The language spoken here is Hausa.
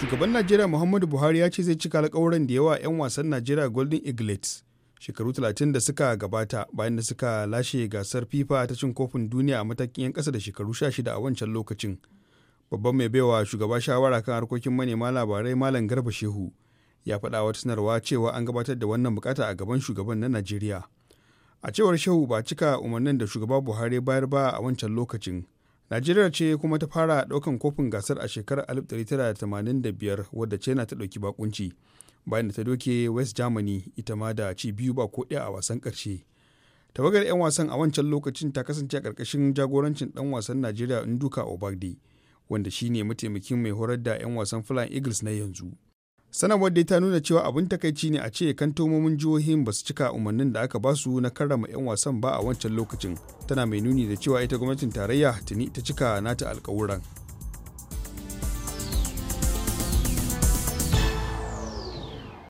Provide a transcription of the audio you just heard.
shugaban najeriya muhammadu buhari ya ce zai cika alkawuran da yawa 'yan wasan najeriya golden eaglets shekaru 30 da suka gabata bayan da suka lashe gasar fifa ta cin kofin duniya a matakin 'yan kasa da shekaru 16 a wancan lokacin babban mai baiwa shugaba shawara kan harkokin manema labarai malam garba shehu ya faɗa wata sanarwa cewa an gabatar da wannan bukata a gaban shugaban na najeriya a cewar shehu ba cika umarnin da shugaba buhari bayar ba a wancan lokacin najeriya ce kuma ta fara daukan kofin gasar a shekarar 1985 wadda china ta dauki bakunci bayan da ta doke west germany ita ma da ci biyu ba ko ɗaya a wasan karshe tawagar 'yan wasan a wancan lokacin ta kasance a ƙarƙashin jagorancin dan wasan najeriya nduka obagde wanda shine mataimakin mai horar da 'yan wasan flying eagles na yanzu sanarwar dai ta nuna cewa abin takaici ne a ce kantomomin jihohin ba su cika umarnin da aka basu na karrama 'yan wasan ba a wancan lokacin tana mai nuni da cewa ita gwamnatin tarayya tuni ta cika nata alkawuran.